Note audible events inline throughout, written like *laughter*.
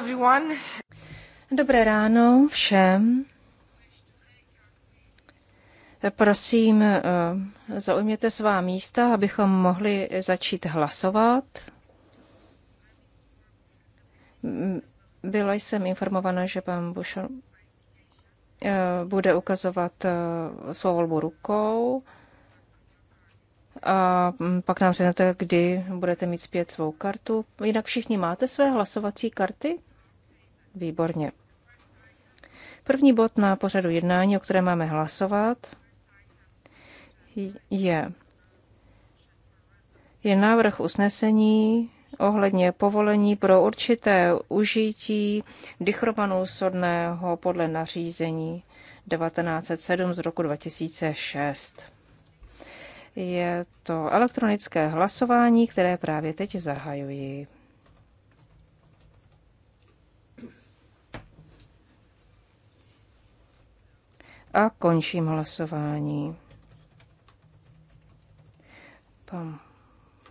everyone. Dobré ráno všem. Prosím, eh, zaujměte svá místa, abychom mohli začít hlasovat. Byla jsem informovaná, že pan Bushon eh, bude ukazovat eh, svou volbu rukou a mm, pak nám řeknete, kdy budete mít zpět svou kartu. Jinak všichni máte své hlasovací karty? Výborně. První bod na pořadu jednání, o kterém máme hlasovat, je, je návrh usnesení ohledně povolení pro určité užití dichromanu sodného podle nařízení 1907 z roku 2006. Je to elektronické hlasování, které právě teď zahajuji. A končím hlasování. Pan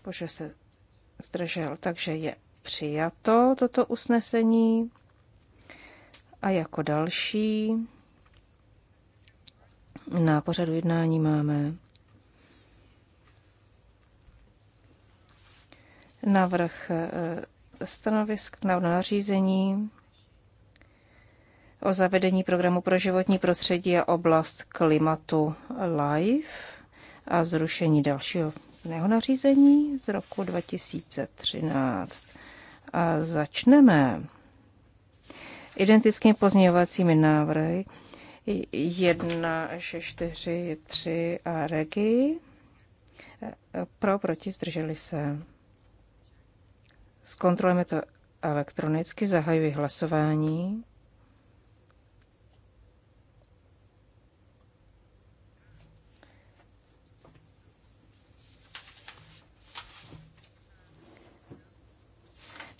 Bože se zdržel, takže je přijato toto usnesení. A jako další na pořadu jednání máme návrh eh, stanovisk na nařízení o zavedení programu pro životní prostředí a oblast klimatu LIFE a zrušení dalšího jiného nařízení z roku 2013. A začneme identickými pozměňovacími návrhy 1, 4, 3 a regi. Pro, proti, zdrželi se. Zkontrolujeme to elektronicky, zahajuji hlasování.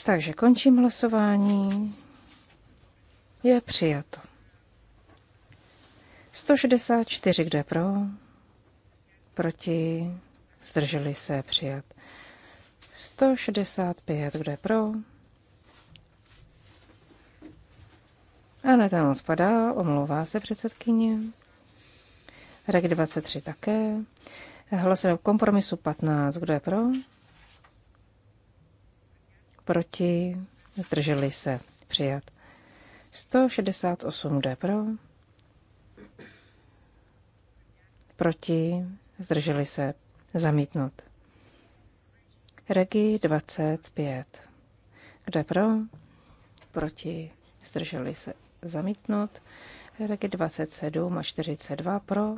Takže končím hlasování. Je přijato. 164, kdo je pro? Proti? Zdrželi se přijat. 165, kdo je pro? Ale tam spadá, omlouvá se předsedkyně. Rek 23 také. Hlasujeme kompromisu 15, kdo je pro? proti, zdrželi se, přijat. 168 jde pro, proti, zdrželi se, zamítnout. Regi 25. Kde pro? Proti, zdrželi se, zamítnout. Regi 27 a 42 pro,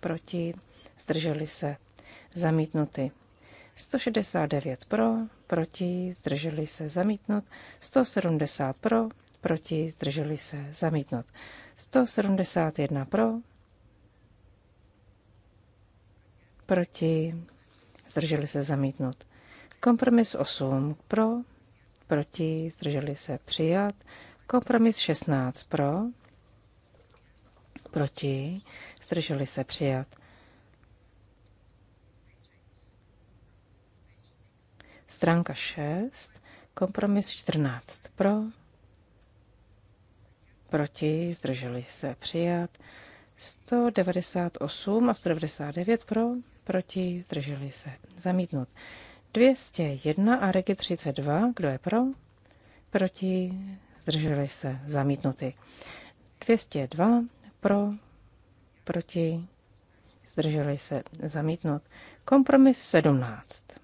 proti, zdrželi se, zamítnuty. 169 pro, proti, zdrželi se zamítnout. 170 pro, proti, zdrželi se zamítnout. 171 pro, proti, zdrželi se zamítnout. Kompromis 8 pro, proti, zdrželi se přijat. Kompromis 16 pro, proti, zdrželi se přijat. Stránka 6, kompromis 14 pro, proti, zdrželi se přijat. 198 a 199 pro, proti, zdrželi se zamítnut. 201 a regi 32, kdo je pro, proti, zdrželi se zamítnuty. 202 pro, proti, zdrželi se zamítnut. Kompromis 17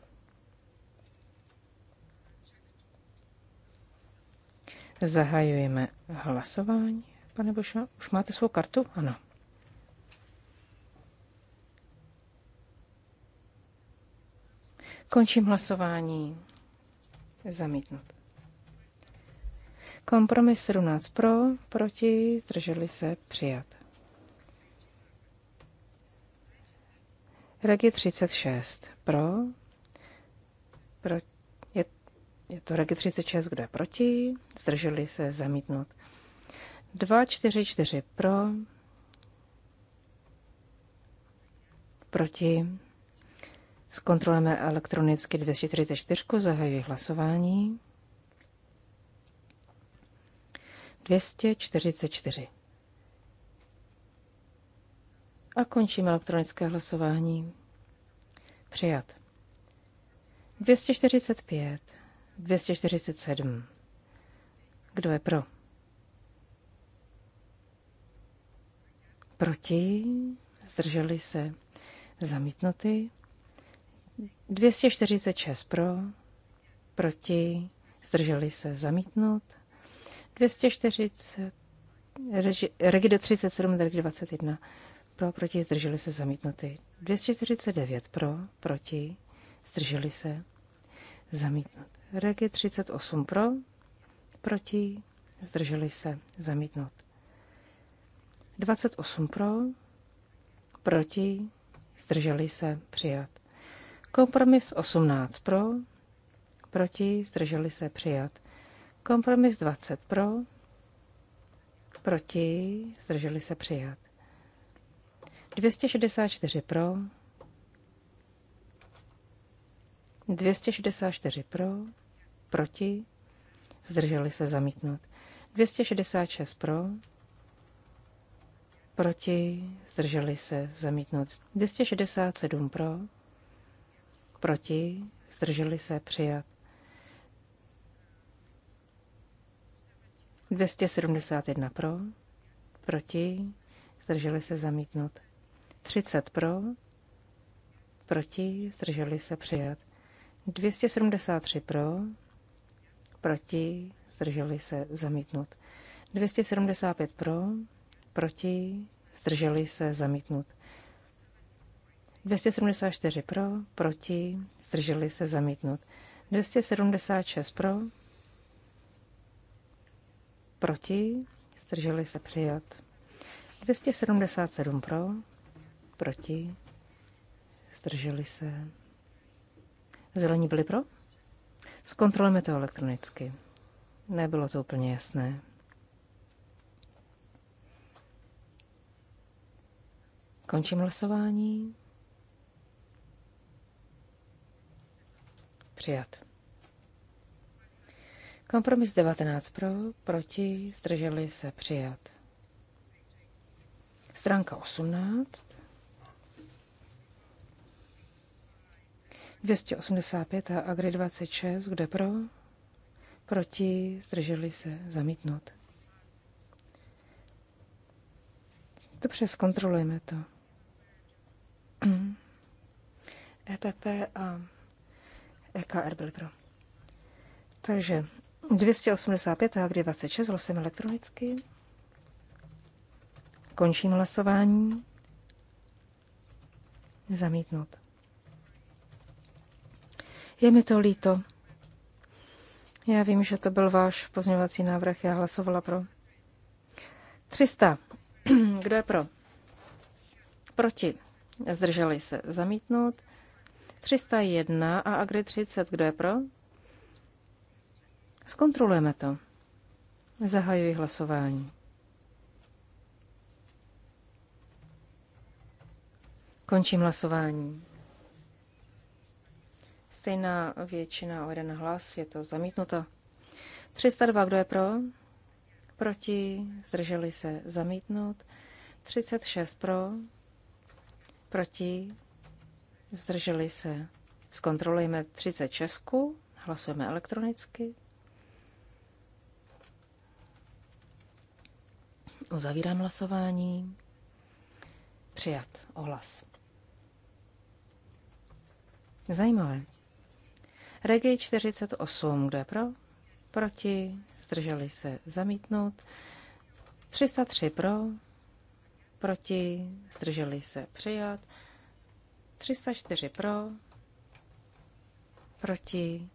Zahajujeme hlasování. Pane Boša, už máte svou kartu? Ano. Končím hlasování. Zamítnut. Kompromis 17 pro, proti, zdrželi se, přijat. Regi 36 pro, proti, je to Regi 36, kdo je proti? Zdrželi se zamítnout. 2, 4, 4 pro. Proti. Zkontrolujeme elektronicky 244, zahajuji hlasování. 244. A končím elektronické hlasování. Přijat. 245. 247. Kdo je pro? Proti? Zdrželi se zamítnuty. 246 pro, proti, zdrželi se Zamítnut. 240, regi, 37, Regido 21 pro, proti, zdrželi se zamítnuty. 249 pro, proti, zdrželi se zamítnut. je 38 pro, proti, zdrželi se, zamítnut. 28 pro, proti, zdrželi se, přijat. Kompromis 18 pro, proti, zdrželi se, přijat. Kompromis 20 pro, proti, zdrželi se, přijat. 264 pro, 264 pro, proti, zdrželi se zamítnout. 266 pro, proti, zdrželi se zamítnout. 267 pro, proti, zdrželi se přijat. 271 pro, proti, zdrželi se zamítnout. 30 pro, proti, zdrželi se přijat. 273 pro, proti, zdrželi se, zamítnut. 275 pro, proti, zdrželi se, zamítnut. 274 pro, proti, zdrželi se, zamítnut. 276 pro, proti, zdrželi se, přijat. 277 pro, proti, zdrželi se, Zelení byli pro? Zkontrolujeme to elektronicky. Nebylo to úplně jasné. Končím hlasování. Přijat. Kompromis 19 pro, proti, zdrželi se přijat. Stránka 18. 285 a Agri 26, kde pro, proti, zdrželi se, zamítnout. Dobře, zkontrolujeme to. EPP *clears throat* e a EKR byly pro. Takže 285 a Agri 26 losem elektronicky. Končím hlasování. Zamítnout. Je mi to líto. Já vím, že to byl váš pozměňovací návrh, já hlasovala pro. 300. *clears throat* Kdo je pro? Proti. Zdrželi se. Zamítnout. 301 a Agri 30. Kdo je pro? Zkontrolujeme to. Zahajuji hlasování. Končím hlasování. Stejná většina o jeden hlas je to zamítnuto. 302, kdo je pro? Proti, zdrželi se zamítnout. 36 pro, proti, zdrželi se. Zkontrolujeme 36, hlasujeme elektronicky. Uzavírám hlasování. Přijat ohlas. Zajímavé. Regi 48, kdo je pro? Proti, zdrželi se zamítnout. 303 pro, proti, zdrželi se přijat. 304 pro, proti.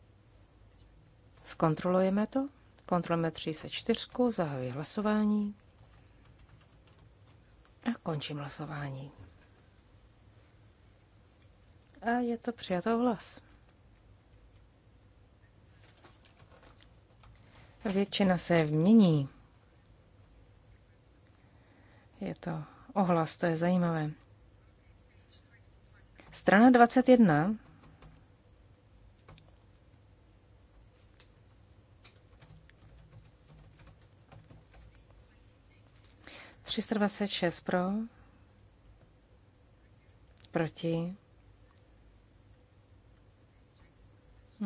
Zkontrolujeme to. Kontrolujeme 304, zahajuji hlasování a končím hlasování. A je to přijato hlas. Většina se mění. Je to ohlas, to je zajímavé. Strana 21. šest pro, proti,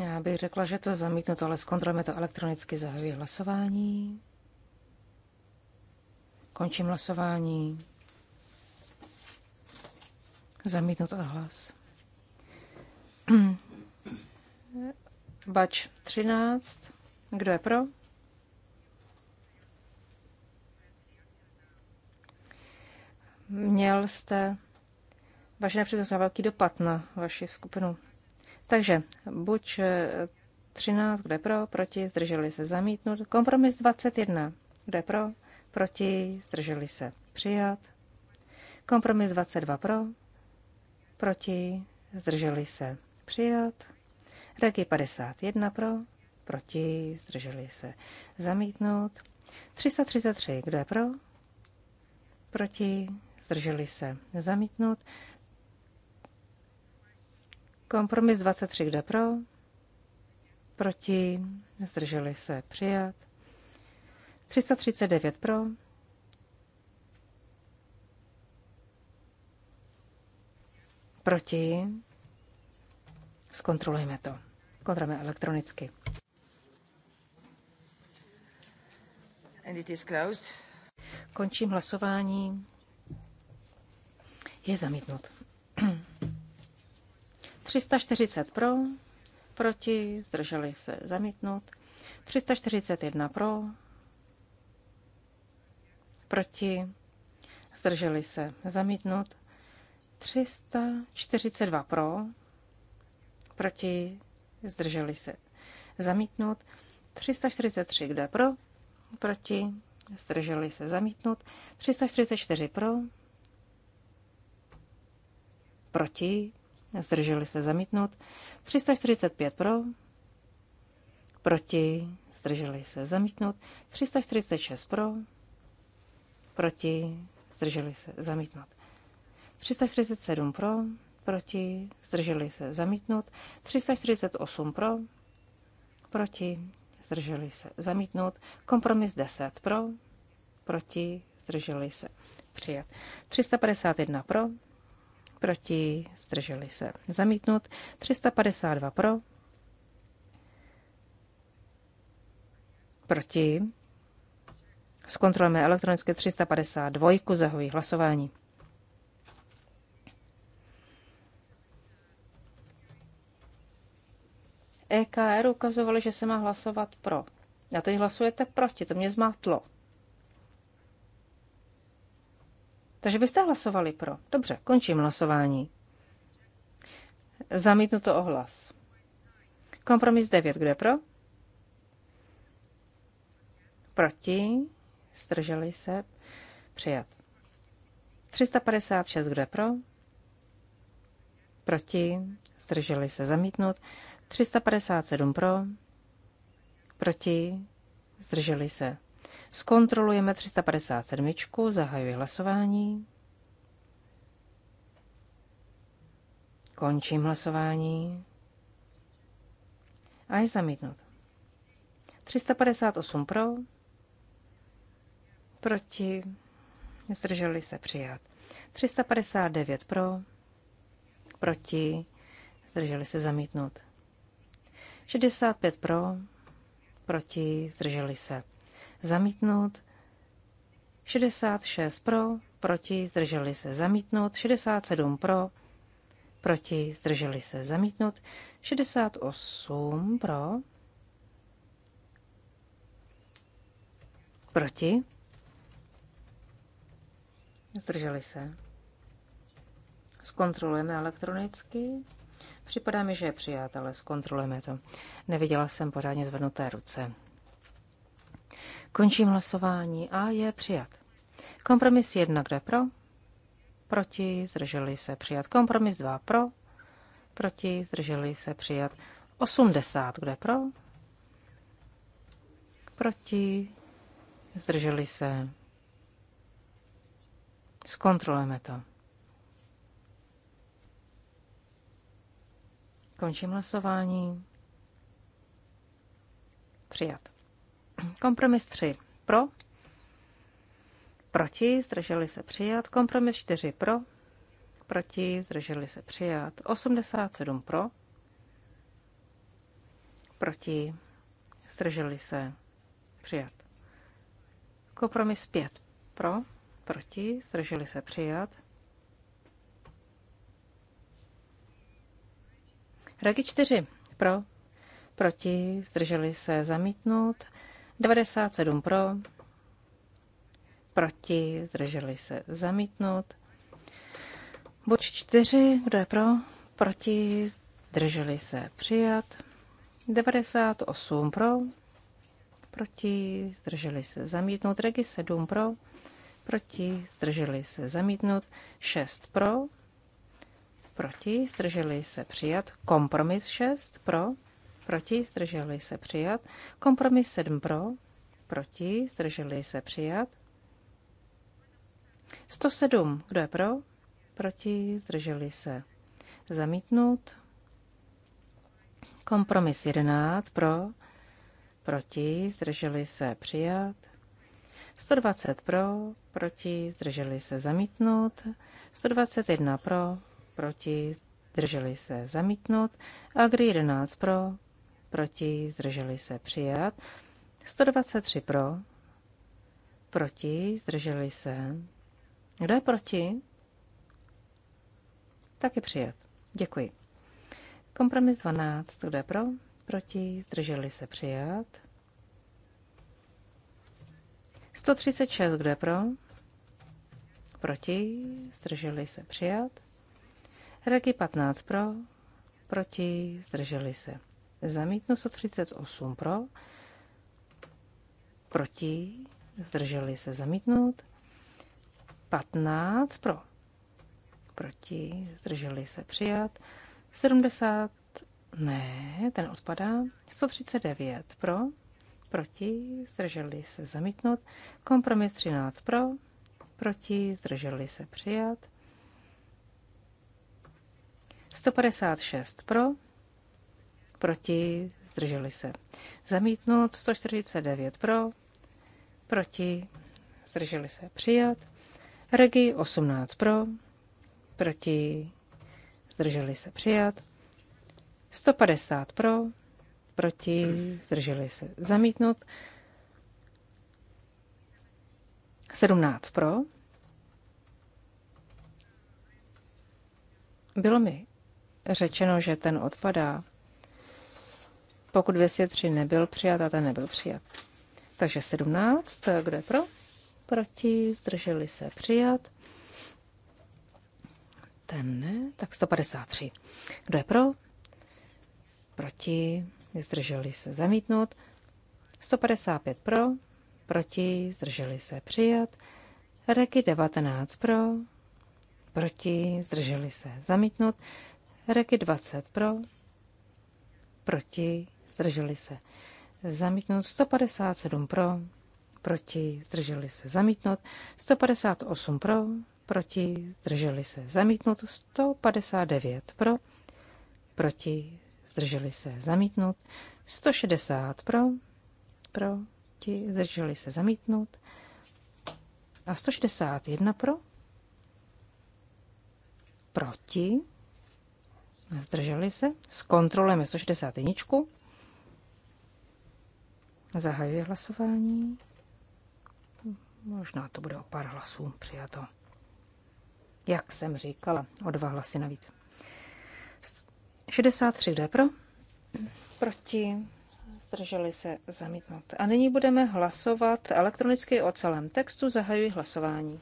Já bych řekla, že to zamítnuto, ale zkontrolujeme to elektronicky. Zahajuji hlasování. Končím hlasování. Zamítnut hlas. *clears throat* Bač 13. Kdo je pro? Měl jste vaše nepřednost velký dopad na vaši skupinu. Takže buď 13, eh, kde pro, proti, zdrželi se zamítnout Kompromis 21, kde pro, proti, zdrželi se přijat. Kompromis 22 pro, proti, zdrželi se přijat. Regi 51 pro, proti, zdrželi se zamítnout. 333, kde pro? Proti, zdrželi se zamítnout. Kompromis 23, kde pro? Proti? Zdrželi se přijat. 339 pro. Proti? Zkontrolujeme to. Kontrolujeme elektronicky. And it is closed. Končím hlasování. Je zamítnut. *clears throat* 340 pro, proti, zdrželi se zamítnout. 341 pro, proti, zdrželi se zamítnout. 342 pro, proti, zdrželi se zamítnout. 343 kde pro, proti, zdrželi se zamítnout. 344 pro, proti, zdrželi se zamítnout. 345 pro, proti, zdrželi se zamítnout. 346 pro, proti, zdrželi se zamítnout. 347 pro, proti, zdrželi se zamítnout. 348 pro, proti, zdrželi se zamítnout. Kompromis 10 pro, proti, zdrželi se přijat. 351 pro, proti, zdrželi se. Zamítnut 352 pro, proti. Zkontrolujeme elektronicky 352, zahojí hlasování. EKR ukazovali, že se má hlasovat pro. A teď hlasujete proti, to mě zmátlo. Takže byste hlasovali pro. Dobře, končím hlasování. to ohlas. Kompromis 9. Kdo je pro? Proti? Zdrželi se? Přijat. 356. Kdo je pro? Proti? Zdrželi se? Zamítnut. 357 pro? Proti? Zdrželi se? Zkontrolujeme 357. Zahajuji hlasování. Končím hlasování. A je zamítnut. 358 pro, proti, zdrželi se přijat. 359 pro, proti, zdrželi se zamítnout. 65 pro, proti, zdrželi se zamítnout. 66 pro, proti, zdrželi se zamítnout. 67 pro, proti, zdrželi se zamítnout. 68 pro, proti, zdrželi se. Zkontrolujeme elektronicky. Připadá mi, že je přijat, ale zkontrolujeme to. Neviděla jsem pořádně zvednuté ruce. Končím hlasování a je přijat. Kompromis 1, kde pro? Proti, zdrželi se přijat. Kompromis 2 pro, proti, zdrželi se přijat. 80, kde pro? Proti, zdrželi se. Zkontrolujeme to. Končím hlasování. Přijat. Kompromis 3 pro, proti, zdrželi se přijat. Kompromis 4 pro, proti, zdrželi se přijat. 87 pro, proti, zdrželi se přijat. Kompromis 5 pro, proti, zdrželi se přijat. Regi 4 pro, proti, zdrželi se zamítnout. 97 pro, proti, zdrželi se zamítnout. Bod 4, kdo je pro, proti, zdrželi se přijat. 98 pro, proti, zdrželi se zamítnout. Regi 7 pro, proti, zdrželi se zamítnout. 6 pro, proti, zdrželi se přijat. Kompromis 6 pro, proti, zdrželi se přijat. Kompromis 7 pro, proti, zdrželi se přijat. 107, kdo je pro, proti, zdrželi se zamítnout. Kompromis 11 pro, proti, zdrželi se přijat. 120 pro, proti, zdrželi se zamítnout. 121 pro, proti, zdrželi se zamítnout. Agri 11 pro, proti, zdrželi se přijat. 123 pro, proti, zdrželi se. Kdo je proti? Taky přijat. Děkuji. Kompromis 12, kdo je pro, proti, zdrželi se přijat. 136, kdo je pro, proti, zdrželi se přijat. Regi 15 pro, proti, zdrželi se Zamítnu 138 pro, proti, zdrželi se zamítnout. 15 pro, proti, zdrželi se přijat. 70, ne, ten odpadá. 139 pro, proti, zdrželi se zamítnout. Kompromis 13 pro, proti, zdrželi se přijat. 156 pro, proti, zdrželi se. Zamítnut 149 pro, proti, zdrželi se. Přijat. Regi 18 pro, proti, zdrželi se. Přijat. 150 pro, proti, zdrželi se. Zamítnut. 17 pro. Bylo mi řečeno, že ten odpadá. Pokud 203 nebyl přijat, a ten nebyl přijat. Takže 17, kdo je pro? Proti, zdrželi se přijat. Ten ne, tak 153. Kdo je pro? Proti, zdrželi se zamítnout. 155 pro, proti, zdrželi se přijat. Reky 19 pro, proti, zdrželi se zamítnout. Reky 20 pro, proti, zdrželi se zamítnout, 157 pro, proti, zdrželi se zamítnout, 158 pro, proti, zdrželi se zamítnout, 159 pro, proti, zdrželi se zamítnout, 160 pro, proti, zdrželi se zamítnout a 161 pro, proti, zdrželi se, s zkontrolujeme 161, Zahajuji hlasování. Možná to bude o pár hlasů přijato. Jak jsem říkala, o dva hlasy navíc. 63 jde pro, proti, zdrželi se zamítnout. A nyní budeme hlasovat elektronicky o celém textu. Zahajuji hlasování.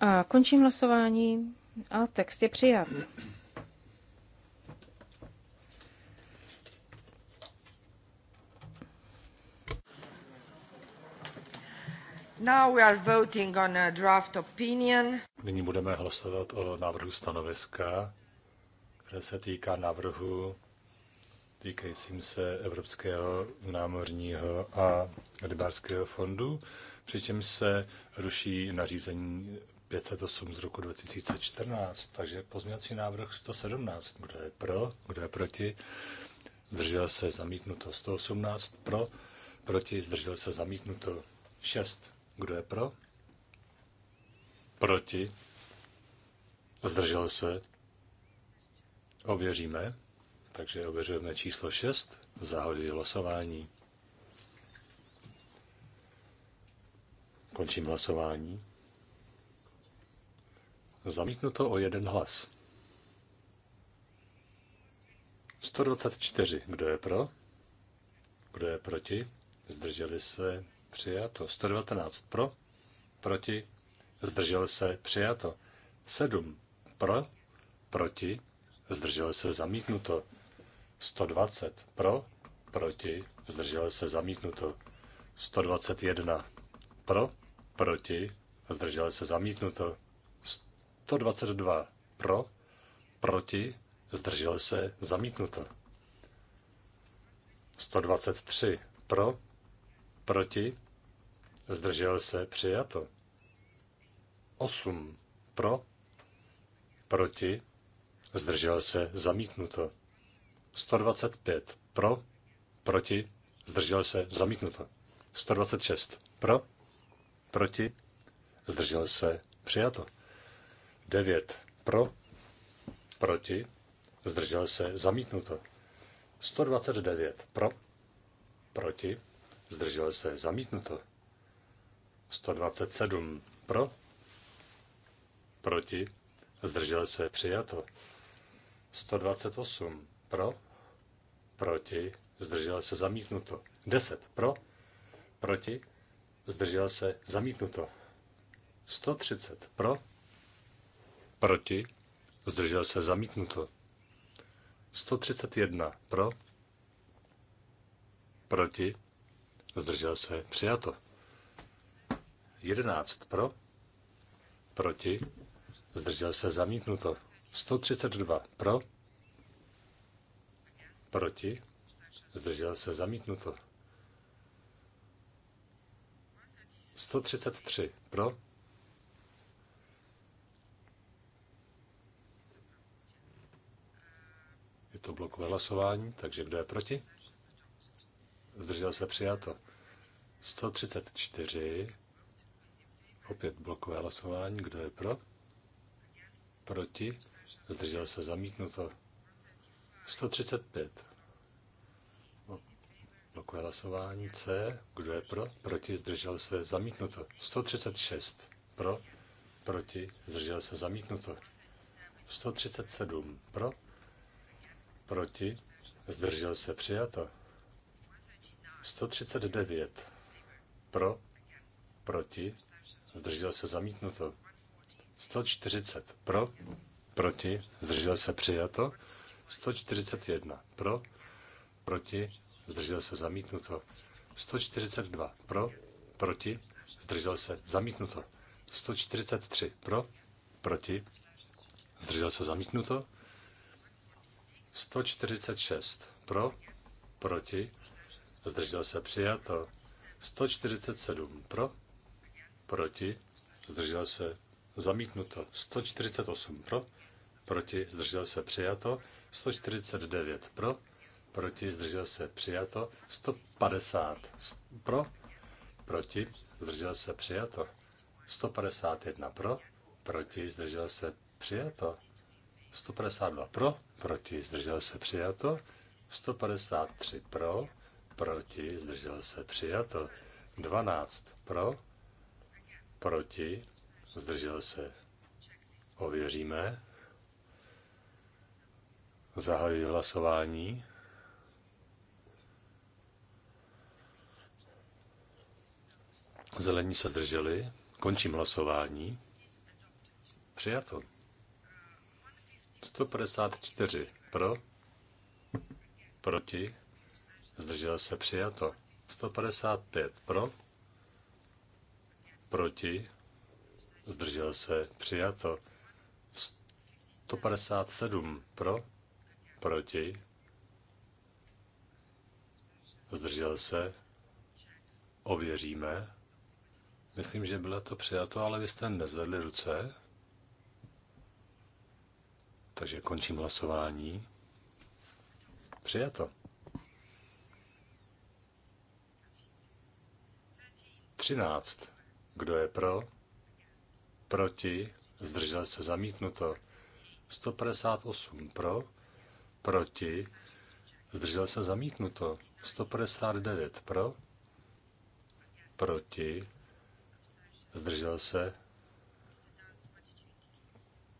A končím hlasování a text je přijat. Now we are voting on a draft opinion. Nyní budeme hlasovat o návrhu stanoviska, které se týká návrhu týkajícím se Evropského námořního a rybářského fondu, přičemž se ruší nařízení 508 z roku 2014, takže pozměňovací návrh 117, kdo je pro, kdo je proti, zdržel se zamítnuto 118 pro, proti, zdržel se zamítnuto 6, kdo je pro, proti, zdržel se, ověříme, takže ověřujeme číslo 6, zahoduji hlasování. Končím hlasování. Zamítnuto o jeden hlas. 124. Kdo je pro? Kdo je proti? Zdrželi se přijato. 119 pro? Proti? Zdržel se přijato. 7 pro? Proti? Zdržel se zamítnuto. 120 pro? Proti? Zdržel se zamítnuto. 121 pro? Proti? Zdržel se zamítnuto. 122 pro, proti, zdržel se, zamítnuto. 123 pro, proti, zdržel se, přijato. 8 pro, proti, zdržel se, zamítnuto. 125 pro, proti, zdržel se, zamítnuto. 126 pro, proti, zdržel se, přijato. 9 pro, proti, zdržel se, zamítnuto. 129 pro, proti, zdržel se, zamítnuto. 127 pro, proti, zdržel se, přijato. 128 pro, proti, zdržel se, zamítnuto. 10 pro, proti, zdržel se, zamítnuto. 130 pro, Proti? Zdržel se zamítnuto. 131 pro. Proti? Zdržel se přijato. 11 pro. Proti? Zdržel se zamítnuto. 132 pro. Proti? Zdržel se zamítnuto. 133 pro blokové hlasování, takže kdo je proti? Zdržel se přijato. 134, opět blokové hlasování, kdo je pro? Proti? Zdržel se zamítnuto. 135. Blokové hlasování C. Kdo je pro? Proti? Zdržel se zamítnuto. 136. Pro? Proti? Zdržel se zamítnuto. 137. Pro? proti, zdržel se přijato. 139 pro, proti, zdržel se zamítnuto. 140 pro, proti, zdržel se přijato. 141 pro, proti, zdržel se zamítnuto. 142 pro, proti, zdržel se zamítnuto. 143 pro, proti, zdržel se zamítnuto. 146 pro, proti, zdržel se přijato. 147 pro, proti, zdržel se zamítnuto. 148 pro, proti, zdržel se přijato. 149 pro, proti, zdržel se přijato. 150 pro, proti, zdržel se přijato. 151 pro, proti, zdržel se přijato. 152 pro, proti, zdržel se přijato. 153 pro, proti, zdržel se přijato. 12 pro, proti, zdržel se. Ověříme. Zahajuji hlasování. Zelení se zdrželi. Končím hlasování. Přijato. 154 pro, proti, zdržel se přijato. 155 pro, proti, zdržel se přijato. 157 pro, proti, zdržel se, ověříme. Myslím, že bylo to přijato, ale vy jste nezvedli ruce. Takže končím hlasování. Přijato. Třináct. Kdo je pro? Proti? Zdržel se zamítnuto. 158 pro, proti, zdržel se zamítnuto. 159 pro, proti, zdržel se.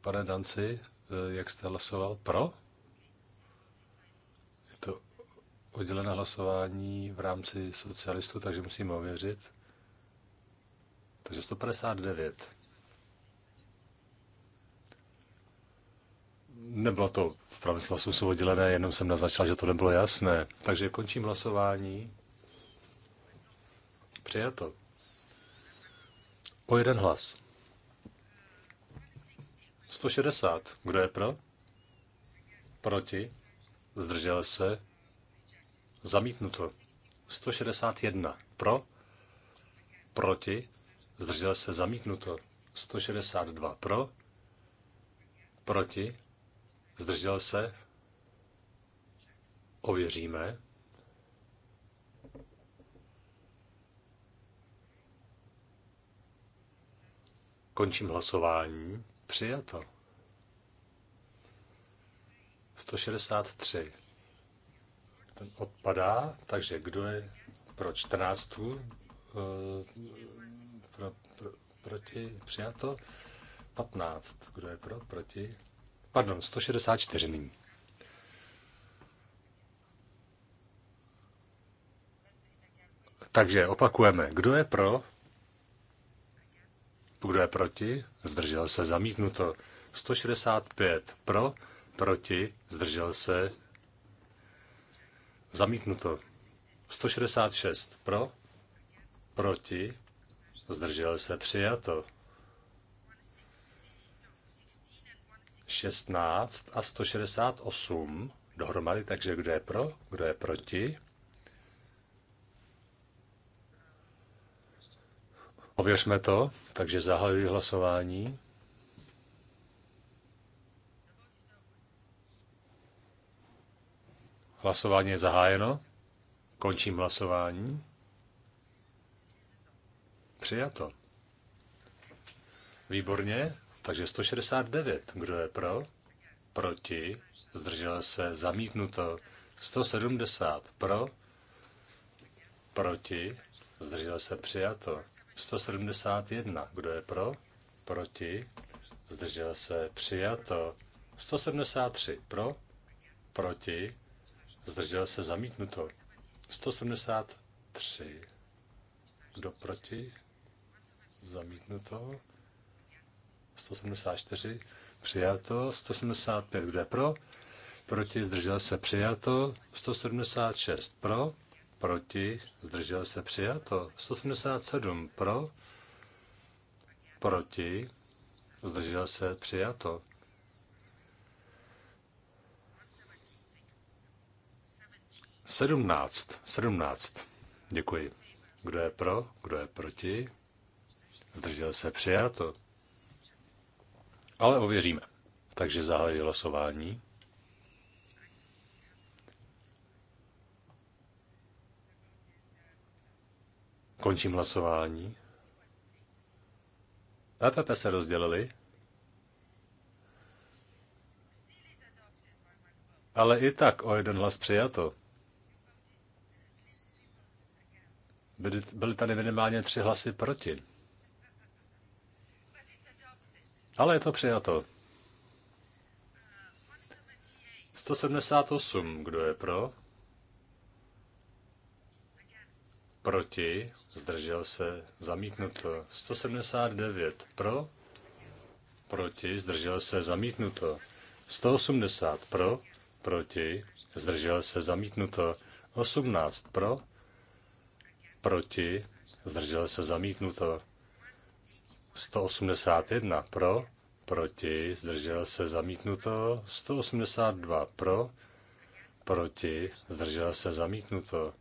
Pane Danci, Eh, jak jste hlasoval pro? Je to oddělené hlasování v rámci socialistů, takže musíme ověřit. Takže 159. Nebylo to v pravém hlasu jsou oddělené, jenom jsem naznačil, že to nebylo jasné. Takže končím hlasování. Přijato. O jeden hlas. 160. Kdo je pro? Proti? Zdržel se? Zamítnuto. 161. Pro? Proti? Zdržel se? Zamítnuto. 162. Pro? Proti? Zdržel se? Ověříme. Končím hlasování. Přijato. 163. Ten odpadá, takže kdo je pro 14? Eh, pro, pro, proti, přijato. 15. Kdo je pro, proti? Pardon, 164 nyní. Takže opakujeme. Kdo je pro? Kdo je proti? Zdržel se zamítnuto. 165 pro, proti, zdržel se zamítnuto. 166 pro, proti, zdržel se přijato. 16 a 168 dohromady, takže kdo je pro, kdo je proti, Ověřme to, takže zahajuji hlasování. Hlasování je zahájeno. Končím hlasování. Přijato. Výborně. Takže 169. Kdo je pro? Proti. Zdržel se. Zamítnuto. 170. Pro. Proti. Zdržel se. Přijato. 171. Kdo je pro? Proti? Zdržel se? Přijato. 173. Pro? Proti? Zdržel se? Zamítnuto. 173. Kdo proti? Zamítnuto. 174. Přijato. 175. Kdo je pro? Proti? Zdržel se? Přijato. 176. Pro? proti, zdržel se přijato. 187 pro, proti, zdržel se přijato. Sedmnáct. Sedmnáct. Děkuji. Kdo je pro, kdo je proti? Zdržel se přijato. Ale ověříme. Takže zahájí hlasování. Končím hlasování. EPP se rozdělili, ale i tak o jeden hlas přijato. Byly, byly tady minimálně tři hlasy proti. Ale je to přijato. 178. Kdo je pro? Proti? zdržel se, zamítnuto. 179 pro, proti, zdržel se, zamítnuto. 180 pro, proti, zdržel se, zamítnuto. 18 pro, proti, zdržel se, zamítnuto. 181 pro, proti, zdržel se, zamítnuto. 182 pro, proti, zdržel se, zamítnuto.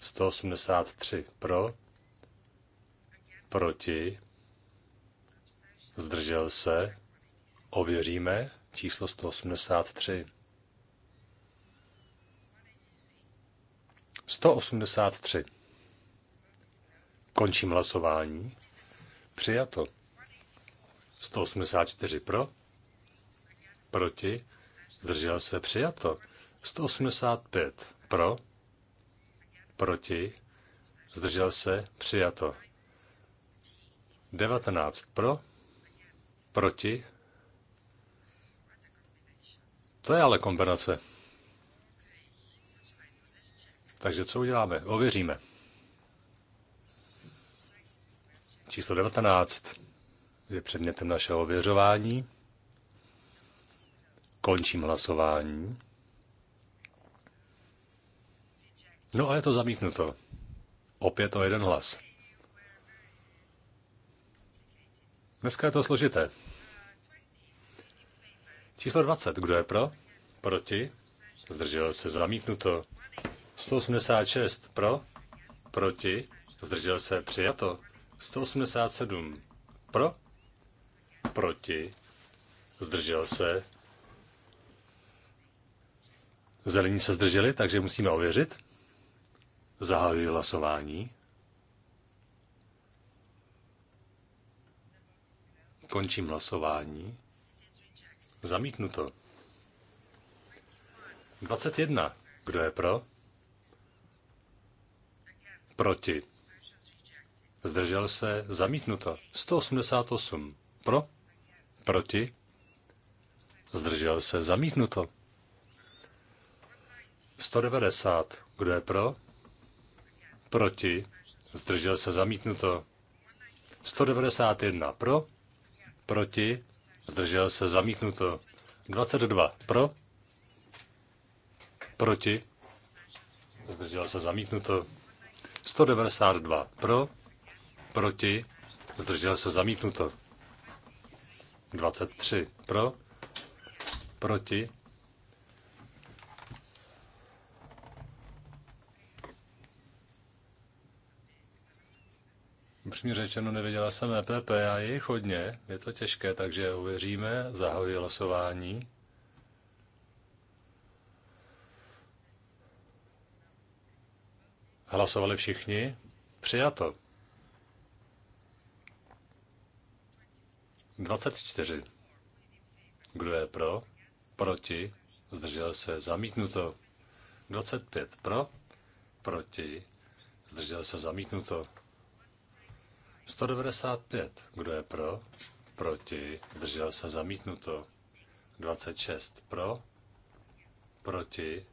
183 pro, proti, zdržel se, ověříme číslo 183. 183. Končím hlasování. Přijato. 184 pro, proti, zdržel se přijato. 185 pro, proti, zdržel se, přijato. 19 pro, proti, to je ale kombinace. Takže co uděláme? Ověříme. Číslo 19 je předmětem našeho ověřování. Končím hlasování. No a je to zamítnuto. Opět o jeden hlas. Dneska je to složité. Číslo 20. Kdo je pro? Proti? Zdržel se zamítnuto. 186. Pro? Proti? Zdržel se přijato. 187. Pro? Proti? Zdržel se. Zelení se zdrželi, takže musíme ověřit. Zahajuji hlasování. Končím hlasování. Zamítnuto. 21. Kdo je pro? Proti. Zdržel se. Zamítnuto. 188. Pro? Proti. Zdržel se. Zamítnuto. 190. Kdo je pro? proti, zdržel se zamítnuto. 191 pro, proti, zdržel se zamítnuto. 22 pro, proti, zdržel se zamítnuto. 192 pro, proti, zdržel se zamítnuto. 23 pro, proti, Upřímně řečeno, nevěděla jsem EPP a je jich hodně. Je to těžké, takže uvěříme. Zahajuji losování. Hlasovali všichni? Přijato. 24. Kdo je pro? Proti? Zdržel se? Zamítnuto. 25. Pro? Proti? Zdržel se? Zamítnuto. 195. Kdo je pro? Proti. Zdržel se zamítnuto. 26. Pro? Proti.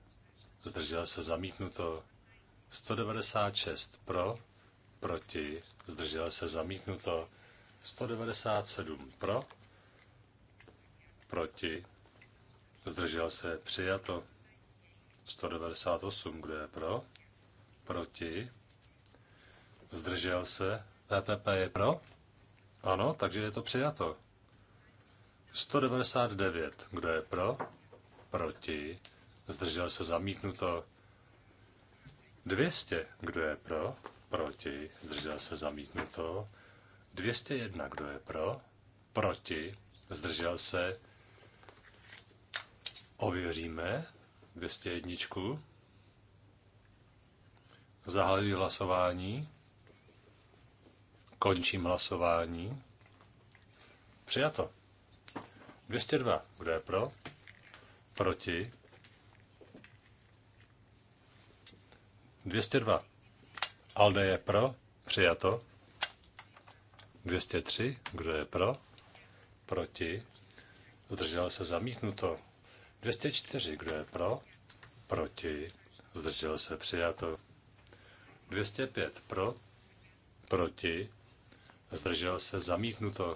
Zdržel se zamítnuto. 196. Pro? Proti. Zdržel se zamítnuto. 197. Pro? Proti. Zdržel se přijato. 198. Kdo je pro? Proti. Zdržel se PPP e je pro? Ano, takže je to přijato. 199. Kdo je pro? Proti. Zdržel se zamítnuto. 200. Kdo je pro? Proti. Zdržel se zamítnuto. 201. Kdo je pro? Proti. Zdržel se. Ověříme. 201. Zahajuji hlasování. Končím hlasování. Přijato. 202. Kdo je pro? Proti? 202. Alde je pro? Přijato. 203. Kdo je pro? Proti? Zdržel se zamítnuto. 204. Kdo je pro? Proti? Zdržel se přijato. 205. Pro? Proti? zdržel se, zamítnuto.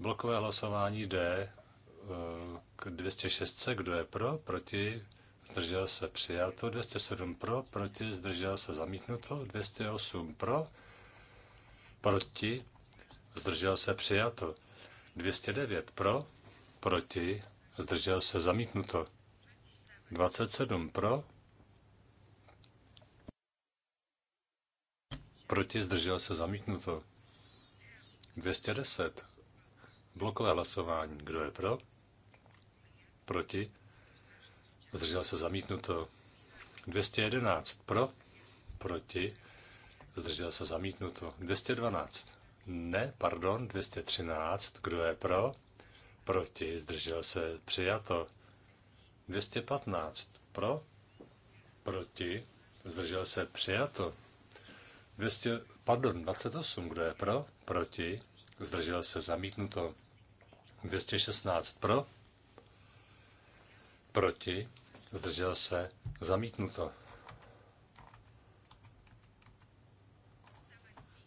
Blokové hlasování D eh, k 206, kdo je pro, proti, zdržel se, přijato, 207 pro, proti, zdržel se, zamítnuto, 208 pro, proti, zdržel se, přijato, 209 pro, proti, zdržel se, zamítnuto, 27 pro, Proti zdržel se zamítnuto. 210. Blokové hlasování. Kdo je pro? Proti. Zdržel se zamítnuto. 211. Pro? Proti. Zdržel se zamítnuto. 212. Ne, pardon, 213. Kdo je pro? Proti. Zdržel se přijato. 215. Pro? Proti. Zdržel se přijato. 200, pardon, 28, kdo je pro, proti, zdržel se zamítnuto. 216 pro, proti, zdržel se zamítnuto.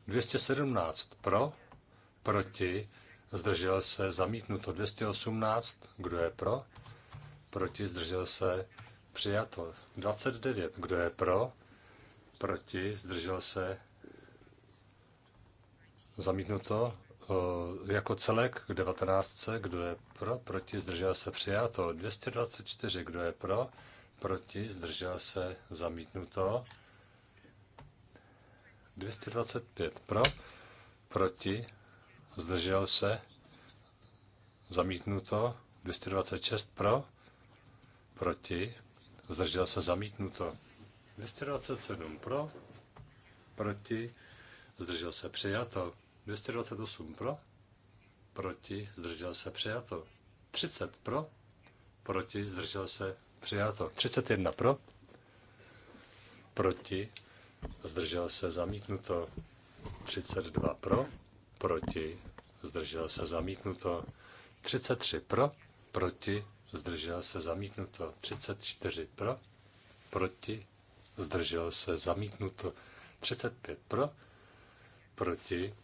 217 pro, proti, zdržel se zamítnuto. 218, kdo je pro, proti, zdržel se přijato. 29, kdo je pro, proti, zdržel se Zamítnuto eh, jako celek k 19. Kdo je pro? Proti? Zdržel se? Přijato. 224. Kdo je pro? Proti? Zdržel se? Zamítnuto. 225 pro, proti, zdržel se, zamítnuto, 226 pro, proti, zdržel se, zamítnuto, 227 pro, proti, zdržel se, přijato. 228 pro, proti, zdržel se, přijato. 30 pro, proti, zdržel se, přijato. 31 pro, proti, zdržel se, zamítnuto. 32 pro, proti, zdržel se, zamítnuto. 33 pro, proti, zdržel se, zamítnuto. 34 pro, proti, zdržel se, zamítnuto. 35 pro, proti,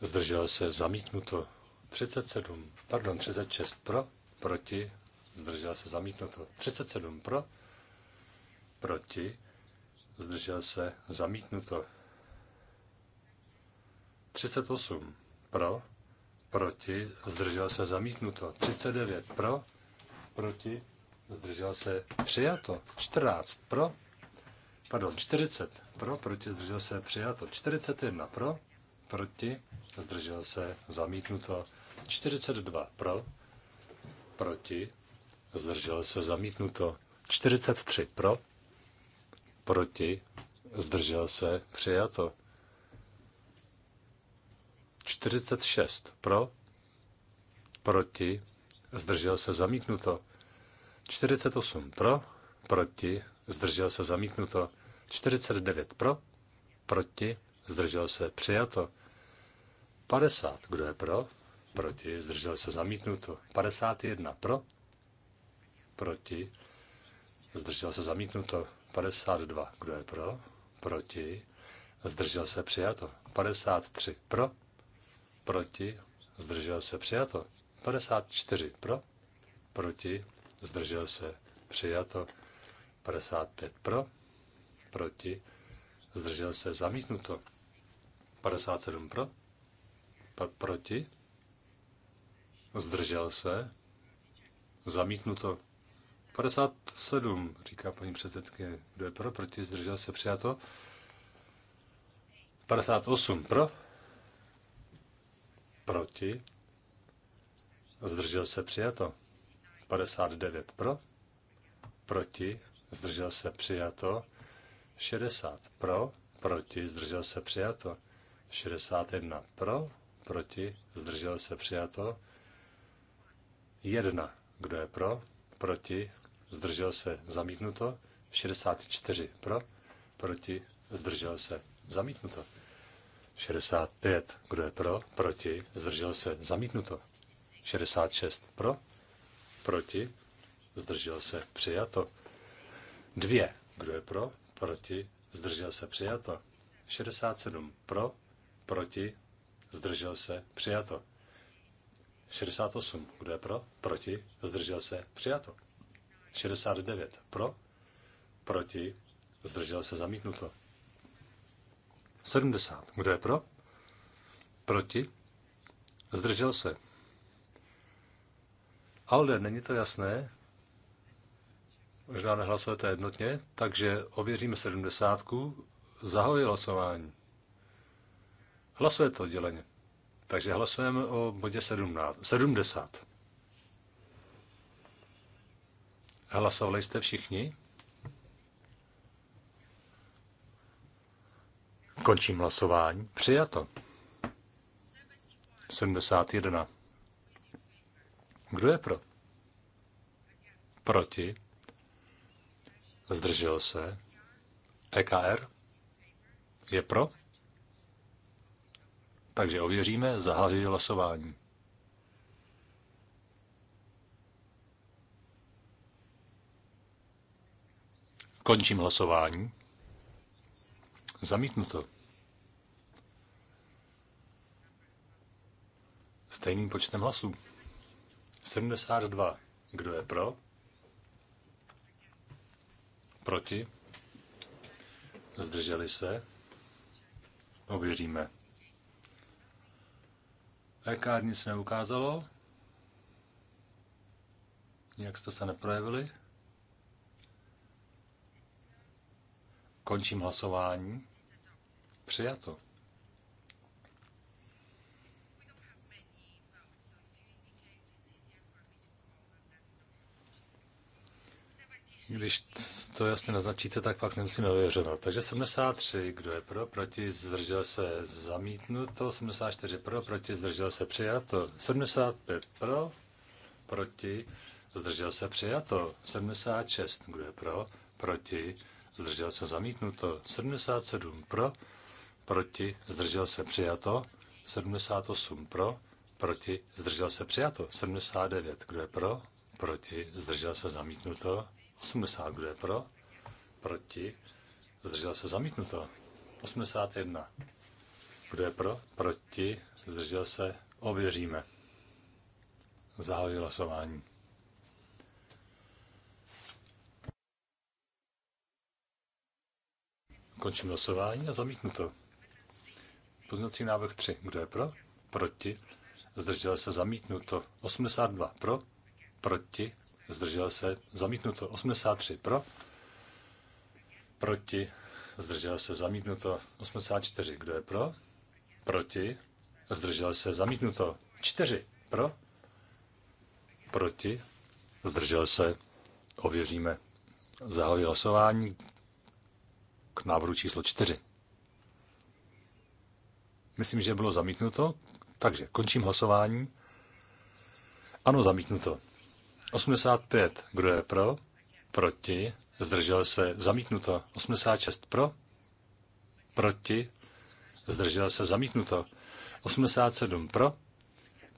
zdržel se, zamítnuto. 37, pardon, 36 pro, proti, zdržel se, zamítnuto. 37 pro, proti, zdržel se, zamítnuto. 38 pro, proti, zdržel se, zamítnuto. 39 pro, proti, zdržel se, přijato. 14 pro, pardon, 40 pro, proti, zdržel se, přijato. 41 pro, proti, zdržel se, zamítnuto. 42 pro, proti, zdržel se, zamítnuto. 43 pro, proti, zdržel se, přijato. 46 pro, proti, zdržel se, zamítnuto. 48 pro, proti, zdržel se, zamítnuto. 49 pro, proti, zdržel se, přijato. 50, kdo je pro, proti, zdržel se, zamítnuto. 51, pro, proti, zdržel se, zamítnuto. 52, kdo je pro, proti, zdržel se, přijato. 53, pro, proti, zdržel se, přijato. 54, pro, proti, zdržel se, přijato. 55 pro, proti, zdržel se zamítnuto. 57 pro, pa, proti, zdržel se, zamítnuto. 57, říká paní předsedkyně, kdo je pro, proti, zdržel se, přijato. 58 pro, proti, zdržel se, přijato. 59 pro, proti, zdržel se, přijato. 60 pro, proti, zdržel se, přijato. 61 pro, proti, zdržel se přijato. 1, kdo je pro, proti, zdržel se zamítnuto. 64 pro, proti, zdržel se zamítnuto. 65, kdo je pro, proti, zdržel se zamítnuto. 66 pro, proti, zdržel se přijato. 2, kdo je pro, proti, zdržel se přijato. 67 pro, proti, zdržel se, přijato. 68. Kdo je pro? Proti, zdržel se, přijato. 69. Pro, proti, zdržel se, zamítnuto. 70. Kdo je pro? Proti, zdržel se. Alde, není to jasné? Možná nehlasujete jednotně, takže ověříme 70. Zahajuji hlasování. Hlasuje to odděleně. Takže hlasujeme o bodě 17, 70. Hlasovali jste všichni? Končím hlasování. Přijato. 71. Kdo je pro? Proti? Zdržel se? EKR? Je pro? Takže ověříme, zahajuji hlasování. Končím hlasování. Zamítnuto. Stejným počtem hlasů. 72. Kdo je pro? Proti? Zdrželi se? Ověříme. EKR nic neukázalo. Nijak jste se neprojevili. Končím hlasování. Přijato. Když to jasně naznačíte, tak pak nemusíme ověřovat. Takže 73, kdo je pro, proti, zdržel se zamítnuto, 74 pro, proti, zdržel se přijato, 75 pro, proti, zdržel se přijato, 76, kdo je pro, proti, zdržel se zamítnuto, 77 pro, proti, zdržel se přijato, 78 pro, proti, zdržel se přijato, 79, kdo je pro, proti, zdržel se zamítnuto, 80, kdo je pro? Proti? Zdržel se zamítnuto. 81. Kdo je pro? Proti? Zdržel se? Ověříme. Zahajuji hlasování. Končím hlasování a zamítnuto. Pozměňovací návrh 3. Kdo je pro? Proti? Zdržel se zamítnuto. 82. Pro? Proti? zdržel se, zamítnuto 83 pro, proti, zdržel se, zamítnuto 84, kdo je pro, proti, zdržel se, zamítnuto 4 pro, proti, zdržel se, ověříme, zahájí hlasování k návrhu číslo 4. Myslím, že bylo zamítnuto, takže končím hlasování. Ano, zamítnuto. 85. Kdo je pro? Proti? Zdržel se? Zamítnuto. 86. Pro? Proti? Zdržel se? Zamítnuto. 87. Pro?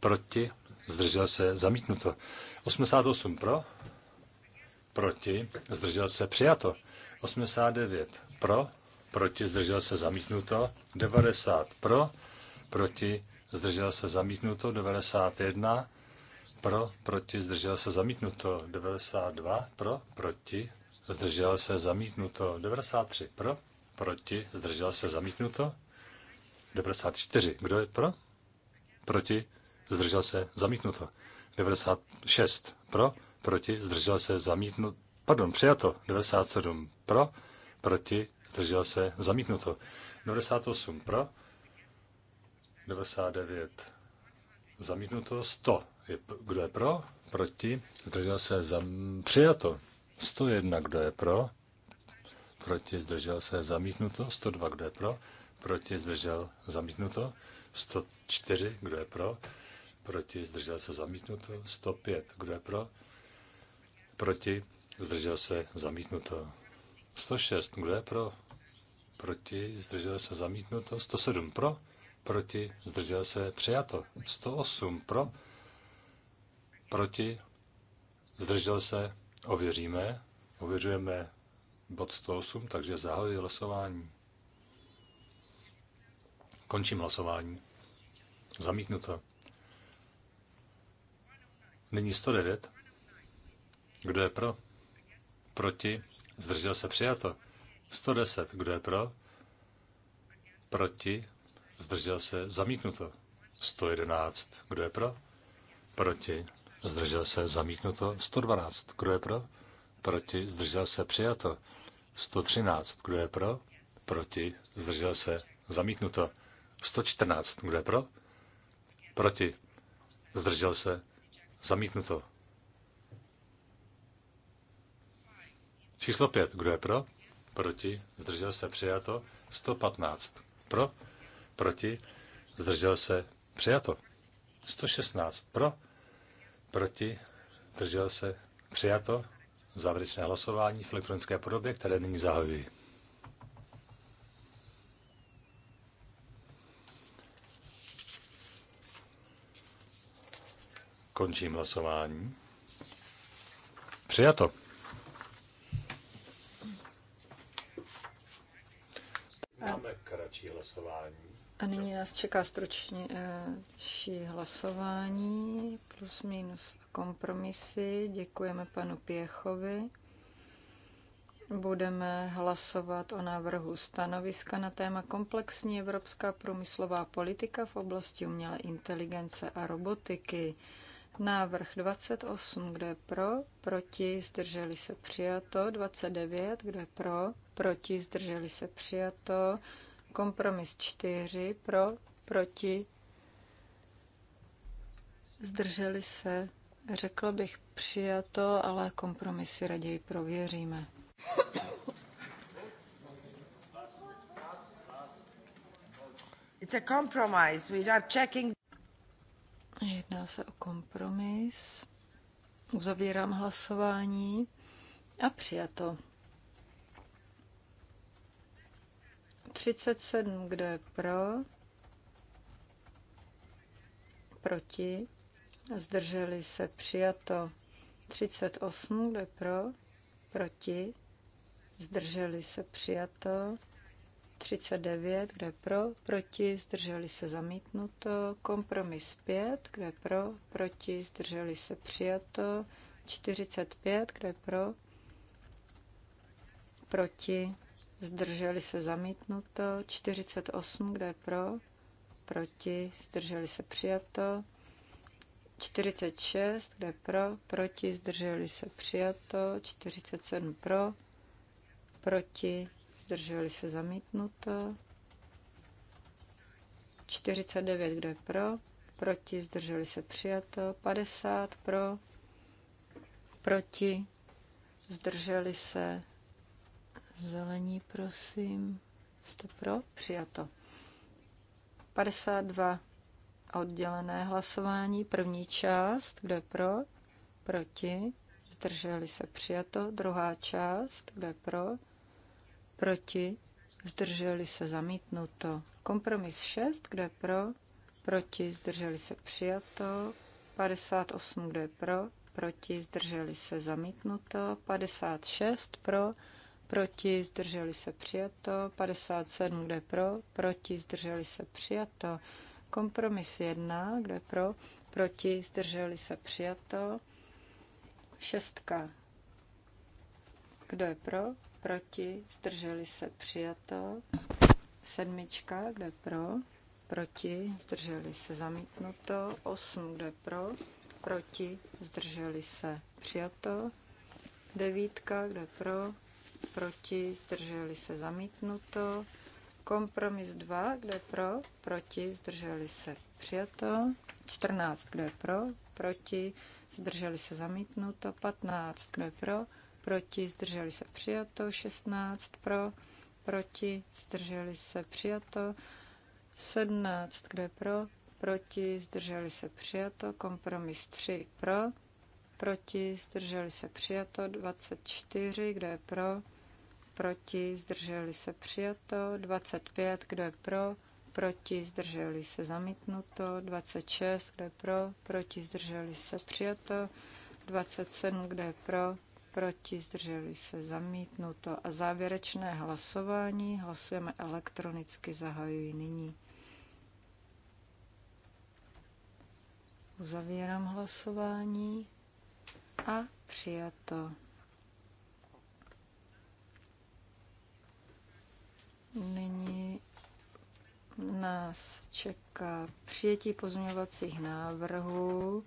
Proti? Zdržel se? Zamítnuto. 88. Pro? Proti? Zdržel se? Přijato. 89. Pro? Proti? Zdržel se? Zamítnuto. 90. Pro? Proti? Zdržel se? Zamítnuto. 91 pro, proti, zdržel se zamítnuto 92, pro, proti, zdržel se zamítnuto 93, pro, proti, zdržel se zamítnuto 94, kdo je pro, proti, zdržel se zamítnuto 96, pro, proti, zdržel se zamítnuto, pardon, přijato 97, pro, proti, zdržel se zamítnuto 98, pro, 99, zamítnuto 100, kdo je pro? Proti? Zdržel se? Zam... Přijato. 101. Kdo je pro? Proti? Zdržel se? Zamítnuto. 102. Kdo je pro? Proti? Zdržel? Zamítnuto. 104. Kdo je pro? Proti? Zdržel se? Zamítnuto. 105. Kdo je pro? Proti? Zdržel se? Zamítnuto. 106. Kdo je pro? Proti? Zdržel se? Zamítnuto. 107. Pro? Proti? Zdržel se? Přijato. 108. Pro? proti, zdržel se, ověříme. Ověřujeme bod 108, takže zahajuji hlasování. Končím hlasování. Zamítnuto. Nyní 109. Kdo je pro? Proti? Zdržel se přijato. 110. Kdo je pro? Proti? Zdržel se zamítnuto. 111. Kdo je pro? Proti? zdržel se, zamítnuto. 112, kdo je pro? Proti, zdržel se, přijato. 113, kdo je pro? Proti, zdržel se, zamítnuto. 114, kdo je pro? Proti, zdržel se, zamítnuto. Číslo 5, kdo je pro? Proti, zdržel se, přijato. 115, pro? Proti, zdržel se, přijato. 116, pro? proti, držel se, přijato, závěrečné hlasování v elektronické podobě, které nyní zahajuji. Končím hlasování. Přijato. Máme kratší hlasování. A nyní nás čeká stručnější hlasování, plus minus kompromisy. Děkujeme panu Pěchovi. Budeme hlasovat o návrhu stanoviska na téma komplexní evropská průmyslová politika v oblasti umělé inteligence a robotiky. Návrh 28, kdo je pro, proti, zdrželi se přijato. 29, kdo je pro, proti, zdrželi se přijato. Kompromis 4 pro, proti, zdrželi se. Řekl bych přijato, ale kompromisy raději prověříme. It's a compromise. We are checking. Jedná se o kompromis. Uzavírám hlasování a přijato. 37, kdo je pro? Proti? Zdrželi se přijato 38, kdo je pro? Proti? Zdrželi se přijato 39, kdo je pro? Proti? Zdrželi se zamítnuto. Kompromis 5, kdo je pro? Proti? Zdrželi se přijato 45, kdo je pro? Proti? zdrželi se zamítnuto, 48, kdo je pro, proti, zdrželi se přijato, 46, kde pro, proti, zdrželi se přijato, 47 pro, proti, zdrželi se zamítnuto, 49, kde pro, proti, zdrželi se přijato, 50 pro, proti, zdrželi se Zelení, prosím. Jste pro? Přijato. 52 oddělené hlasování. První část, kdo je pro? Proti. Zdrželi se přijato. Druhá část, kdo je pro? Proti. Zdrželi se zamítnuto. Kompromis 6, kdo je pro? Proti. Zdrželi se přijato. 58, kdo je pro? Proti. Zdrželi se zamítnuto. 56 pro proti, zdrželi se přijato, 57, kde pro, proti, zdrželi se přijato, kompromis 1, kde pro, proti, zdrželi se přijato, šestka, kdo je pro, proti, zdrželi se přijato, sedmička, je pro, proti, zdrželi se zamítnuto, osm, je pro, proti, zdrželi se přijato, devítka, je pro, proti, zdrželi se zamítnuto. Kompromis 2, kdo je pro, proti, zdrželi se přijato. 14, kdo je pro, proti, zdrželi se zamítnuto. 15, kdo je pro, proti, zdrželi se přijato. 16, pro, proti, zdrželi se přijato. 17, kdo je pro, proti, zdrželi se přijato. Kompromis 3, pro, proti, zdrželi se přijato 24, kdo je pro, proti, zdrželi se přijato 25, kdo je pro, proti, zdrželi se zamítnuto 26, kdo je pro, proti, zdrželi se přijato 27, kdo je pro, proti, zdrželi se zamítnuto a závěrečné hlasování hlasujeme elektronicky, zahajuji nyní. Uzavírám hlasování a přijato. Nyní nás čeká přijetí pozměňovacích návrhů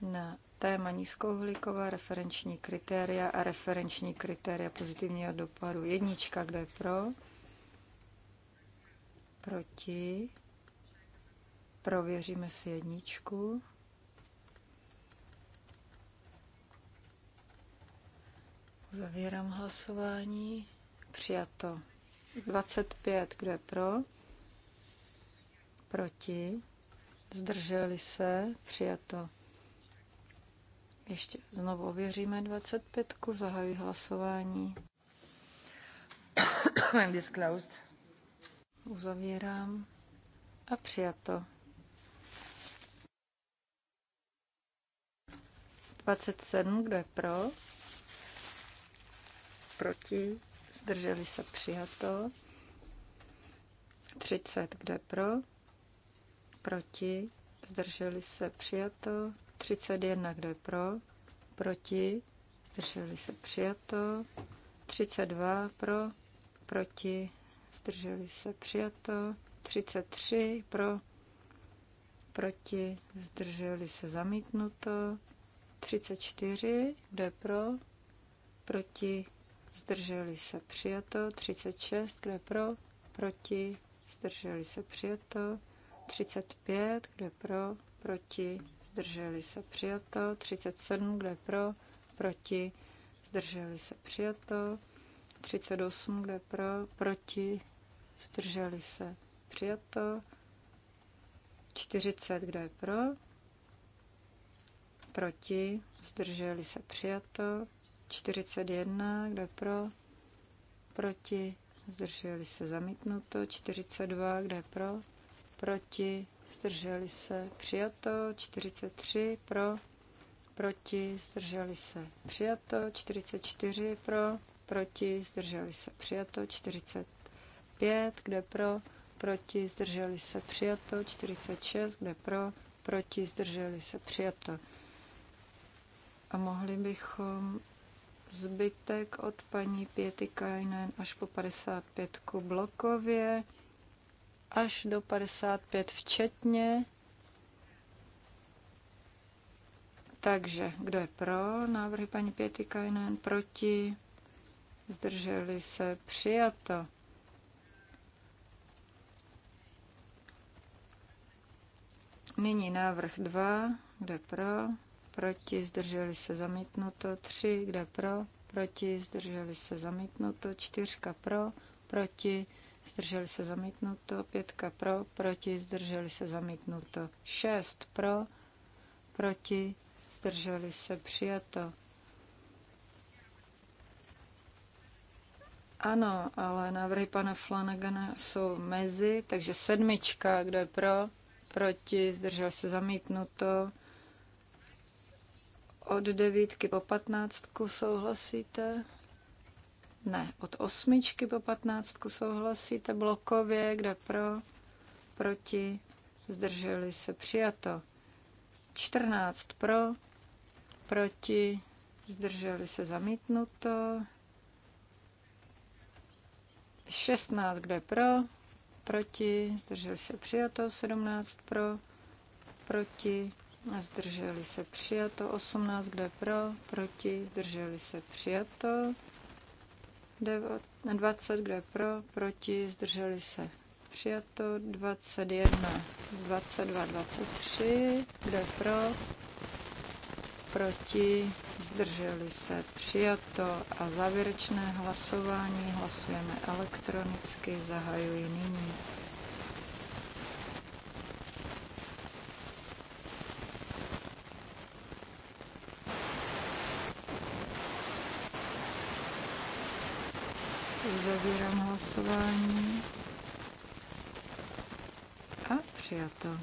na téma nízkouhlíková referenční kritéria a referenční kritéria pozitivního dopadu. Jednička, kdo je pro? Proti? Prověříme si jedničku. Zavírám hlasování. Přijato. 25, kdo je pro? Proti? Zdrželi se? Přijato. Ještě znovu ověříme 25. Zahajuji hlasování. disclosed. *coughs* Uzavírám. A přijato. 27, kdo je pro? proti, zdrželi se přijato. 30, kde pro, proti, zdrželi se přijato. 31, kde pro, proti, zdrželi se přijato. 32 pro, proti, zdrželi se přijato. 33 pro, proti, zdrželi se zamítnuto. 34, kde pro, proti, zdrželi se přijato, 36, kdo je pro, proti, zdrželi se přijato, 35, kdo je pro, proti, zdrželi se přijato, 37, kdo je pro, proti, zdrželi se přijato, 38, kdo je pro, proti, zdrželi se přijato, 40, kdo je pro, proti, zdrželi se přijato, 41, kdo je pro, proti, zdrželi se zamítnuto, 42, kdo je pro, proti, zdrželi se přijato, 43 pro, proti, zdrželi se přijato, 44 pro, proti, zdrželi se přijato, 45, kde pro, proti, zdrželi se přijato, 46, kde pro, proti, zdrželi se přijato. A mohli bychom Zbytek od paní Pěty Kajnen až po 55 blokově, až do 55 včetně. Takže kdo je pro návrhy paní Pěty Kajnen? Proti? Zdrželi se? Přijato. Nyní návrh 2. Kdo je pro? proti, zdrželi se zamítnuto, 3, kde pro, proti, zdrželi se zamítnuto, 4 pro, proti, zdrželi se zamítnuto, 5 pro, proti, zdrželi se zamítnuto, 6 pro, proti, zdrželi se přijato. Ano, ale návrhy pana Flanagana jsou mezi, takže sedmička, kde pro, proti, zdržel se zamítnuto, od devítky po patnáctku souhlasíte? Ne, od osmičky po patnáctku souhlasíte blokově, kde pro, proti, zdrželi se, přijato. čtrnáct pro, proti, zdrželi se, zamítnuto. šestnáct kde pro, proti, zdrželi se, přijato. sedmnáct pro, proti, Zdrželi se přijato. 18, kdo je pro? Proti. Zdrželi se přijato. 20, kdo je pro? Proti. Zdrželi se přijato. 21, 22, 23, kdo je pro? Proti. Zdrželi se přijato. A závěrečné hlasování hlasujeme elektronicky. Zahajuji nyní. hlasování. A přijato.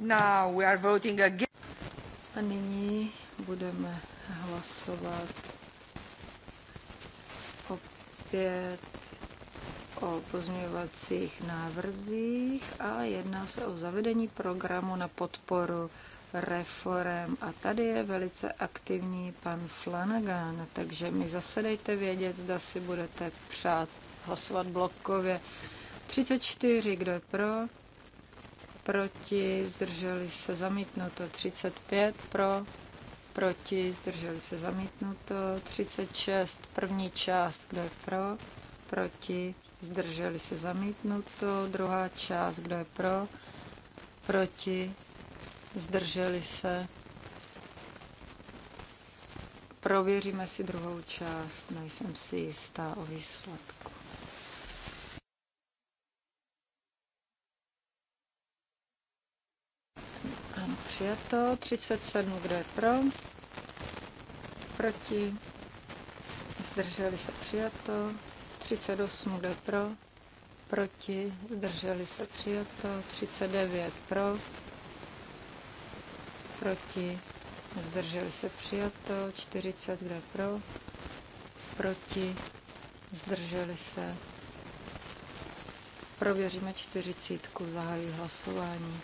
Now we are voting again. A nyní budeme hlasovat opět o pozměňovacích návrzích a jedná se o zavedení programu na podporu reform. A tady je velice aktivní pan Flanagan, takže mi zase dejte vědět, zda si budete přát hlasovat blokově. 34, kdo je pro? Proti, zdrželi se zamítnuto. 35 pro, proti, zdrželi se zamítnuto. 36, první část, kdo je pro? Proti, zdrželi se zamítnuto, druhá část, kdo je pro, proti, zdrželi se. Prověříme si druhou část, nejsem si jistá o výsledku. Ano, přijato. 37, kdo je pro? Proti? Zdrželi se přijato. 38, jde pro, proti, zdrželi se přijato, 39 pro, proti, zdrželi se přijato, 40, jde pro, proti, zdrželi se. Prověříme 40, zahájí hlasování.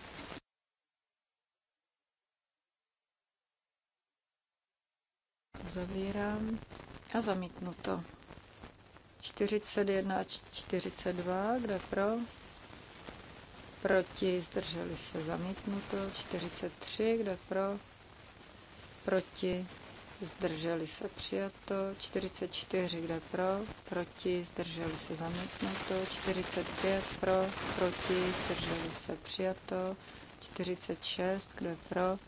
Zavírám a zamítnu to. 41 a 42, kde pro? Proti, zdrželi se zamítnuto. 43, kde pro? Proti, zdrželi se přijato. 44, kde pro? Proti, zdrželi se zamítnuto. 45, pro? Proti, zdrželi se přijato. 46, kde pro?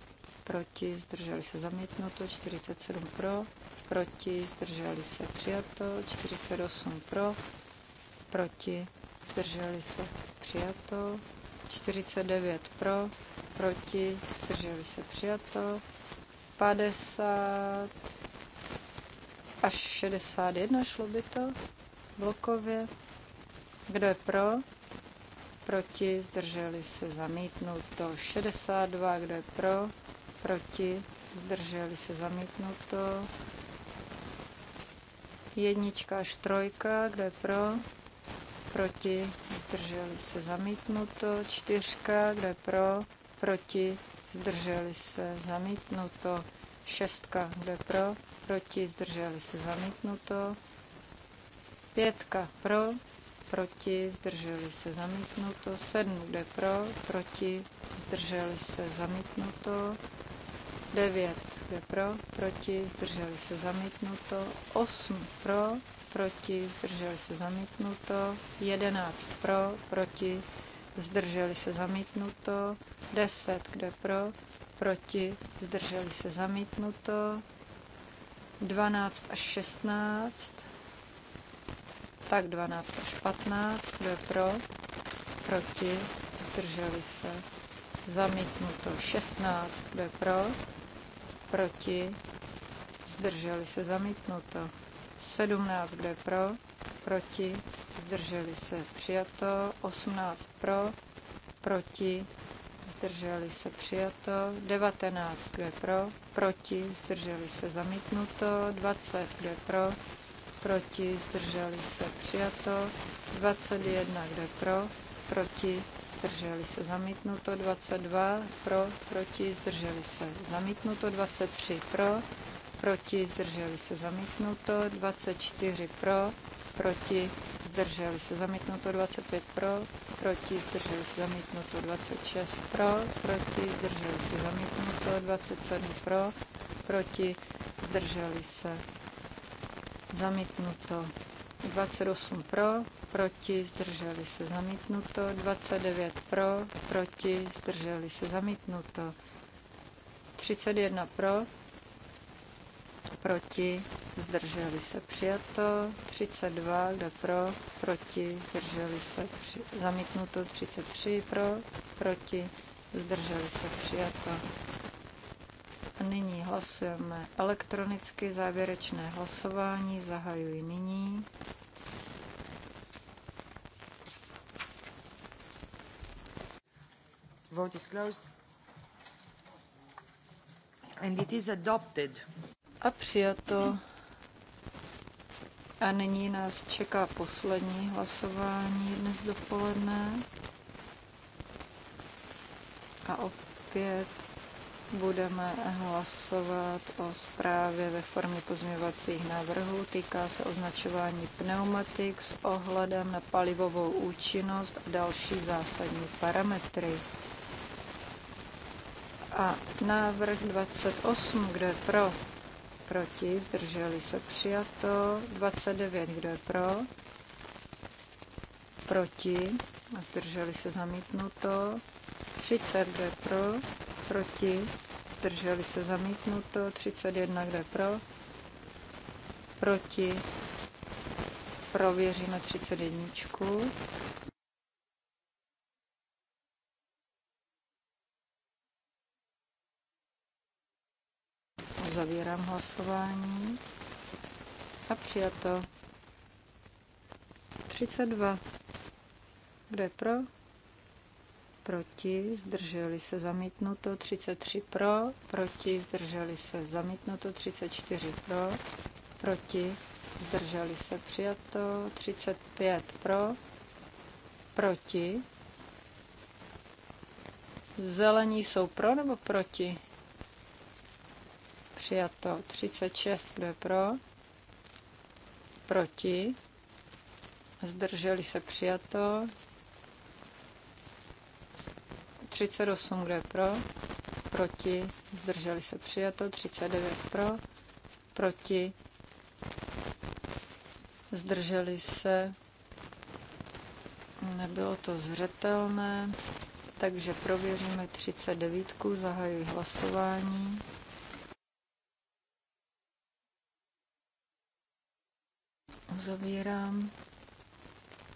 Proti, zdrželi se zamítnuto. 47, pro? proti, zdrželi se přijato, 48 pro, proti, zdrželi se přijato, 49 pro, proti, zdrželi se přijato, 50 až 61 šlo by to blokově. Kdo je pro? Proti, zdrželi se zamítnuto. 62, kdo je pro? Proti, zdrželi se zamítnuto. Jednička až trojka, kdo je pro? Proti, zdrželi se zamítnuto. Čtyřka, kdo je pro? Proti, zdrželi se zamítnuto. Šestka, kdo je pro? Proti, zdrželi se zamítnuto. Pětka pro, proti, zdrželi se zamítnuto. Sedm, je pro, proti, zdrželi se zamítnuto. Devět 2 pro, proti, zdrželi se zamítnuto, 8 pro, proti, zdrželi se zamítnuto, 11 pro, proti, zdrželi se zamítnuto, 10 kde pro, proti, zdrželi se zamítnuto, 12 až 16, tak 12 až 15, kdo je pro, proti, zdrželi se, zamítnuto 16, kdo je pro, proti, zdrželi se zamítnuto. 17, kde pro, proti, zdrželi se přijato. 18 pro, proti, zdrželi se přijato. 19, kde pro, proti, zdrželi se zamítnuto. 20, kde pro, proti, zdrželi se přijato. 21, kde pro, proti, zdrželi se, zamítnuto 22, pro, proti, zdrželi se, zamítnuto 23, pro, proti, zdrželi se, zamítnuto 24, pro, proti, zdrželi se, zamítnuto 25, pro, proti, zdrželi se, zamítnuto 26, pro, proti, zdrželi se, zamítnuto 27, pro, proti, zdrželi se, zamítnuto 28, pro, proti, zdrželi se zamítnuto, 29 pro, proti, zdrželi se zamítnuto, 31 pro, proti, zdrželi se přijato, 32, kde pro, proti, zdrželi se při, zamítnuto, 33 pro, proti, zdrželi se přijato. A nyní hlasujeme elektronicky závěrečné hlasování, zahajuji nyní. Vote is closed. And it is adopted. A přijato. A nyní nás čeká poslední hlasování dnes dopoledne. A opět budeme hlasovat o zprávě ve formě pozměvacích návrhů. Týká se označování pneumatik s ohledem na palivovou účinnost a další zásadní parametry. A návrh 28, kdo je pro? Proti, zdrželi se přijato. 29, kdo je pro? Proti, zdrželi se zamítnuto. 30, kdo je pro? Proti, zdrželi se zamítnuto. 31, kdo je pro? Proti, prověříme 31. Uzavírám hlasování. A přijato. 32. Kdo je pro? Proti, zdrželi se zamítnuto. 33 pro, proti, zdrželi se zamítnuto. 34 pro, proti, zdrželi se přijato. 35 pro, proti. Zelení jsou pro nebo proti? přijato. 36, kdo je pro, proti, zdrželi se přijato. 38, kdo je pro, proti, zdrželi se přijato. 39 pro, proti, zdrželi se, nebylo to zřetelné, takže prověříme 39, zahajuji hlasování. Uzavírám.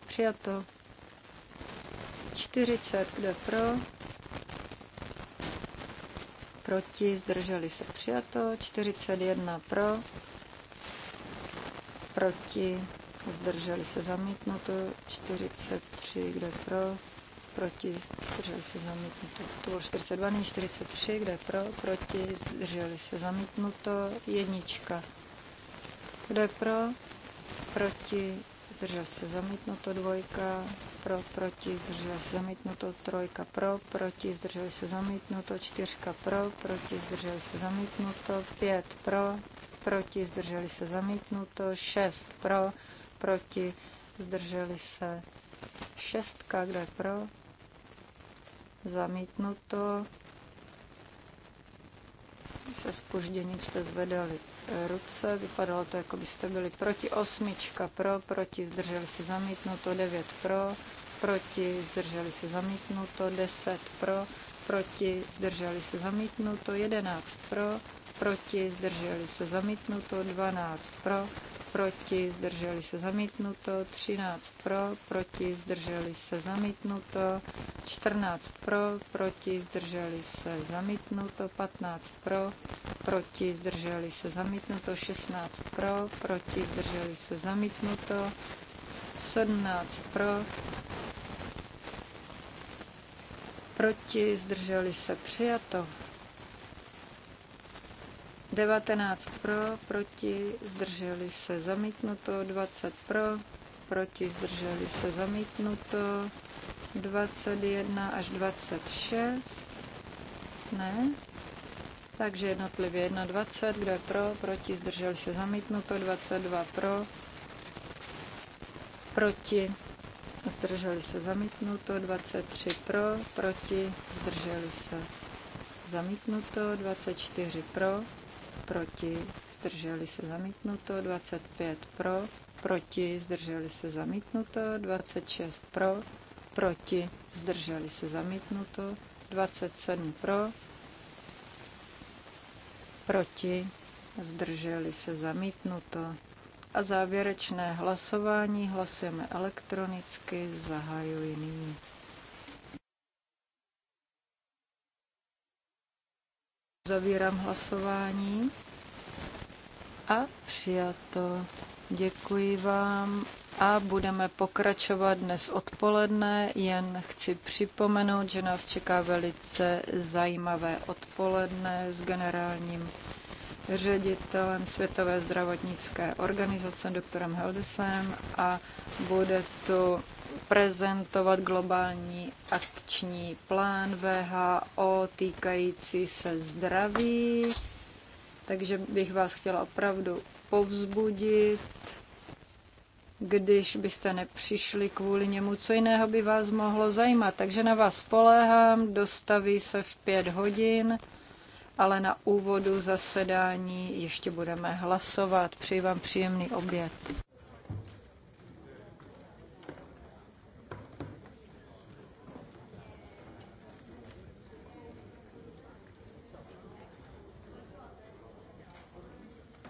Přijato. 40, kdo pro? Proti, zdrželi se přijato. 41 pro. Proti, zdrželi se zamítnuto. 43, kdo pro? Proti, zdrželi se zamítnuto. To bylo 42, nyní 43, kde pro? Proti, zdrželi se zamítnuto. Jednička. Kde pro? proti, zdržel se zamítnuto dvojka, pro, proti, zdržel se zamítnuto trojka, pro, proti, zdržel se zamítnuto čtyřka, pro, proti, zdržel se zamítnuto pět, pro, proti, zdrželi se zamítnuto šest, pro, proti, zdrželi se šestka, kdo je pro, zamítnuto, se spožděním jste zvedali ruce. Vypadalo to, jako byste byli proti. Osmička pro, proti, zdrželi se zamítnuto. Devět pro, proti, zdrželi se zamítnuto. Deset pro, proti, zdrželi se zamítnuto. Jedenáct pro, proti, zdrželi se zamítnuto. Dvanáct pro, proti, zdrželi se zamítnuto, 13 pro, proti, zdrželi se zamítnuto, 14 pro, proti, zdrželi se zamítnuto, 15 pro, proti, zdrželi se zamítnuto, 16 pro, proti, zdrželi se zamítnuto, 17 pro, proti, zdrželi se přijato. 19 pro, proti, zdrželi se zamítnuto, 20 pro, proti, zdrželi se zamítnuto, 21 až 26, ne, takže jednotlivě 21, kdo je pro, proti, zdrželi se zamítnuto, 22 pro, proti, zdrželi se zamítnuto, 23 pro, proti, zdrželi se zamítnuto, 24 pro, proti, zdrželi se zamítnuto, 25 pro, proti, zdrželi se zamítnuto, 26 pro, proti, zdrželi se zamítnuto, 27 pro, proti, zdrželi se zamítnuto. A závěrečné hlasování hlasujeme elektronicky, zahajuji nyní. Zavírám hlasování a přijato. Děkuji vám a budeme pokračovat dnes odpoledne. Jen chci připomenout, že nás čeká velice zajímavé odpoledne s generálním ředitelem Světové zdravotnické organizace, doktorem Heldesem a bude to prezentovat globální akční plán VHO týkající se zdraví. Takže bych vás chtěla opravdu povzbudit, když byste nepřišli kvůli němu, co jiného by vás mohlo zajímat. Takže na vás spoléhám, dostaví se v pět hodin, ale na úvodu zasedání ještě budeme hlasovat. Přeji vám příjemný oběd.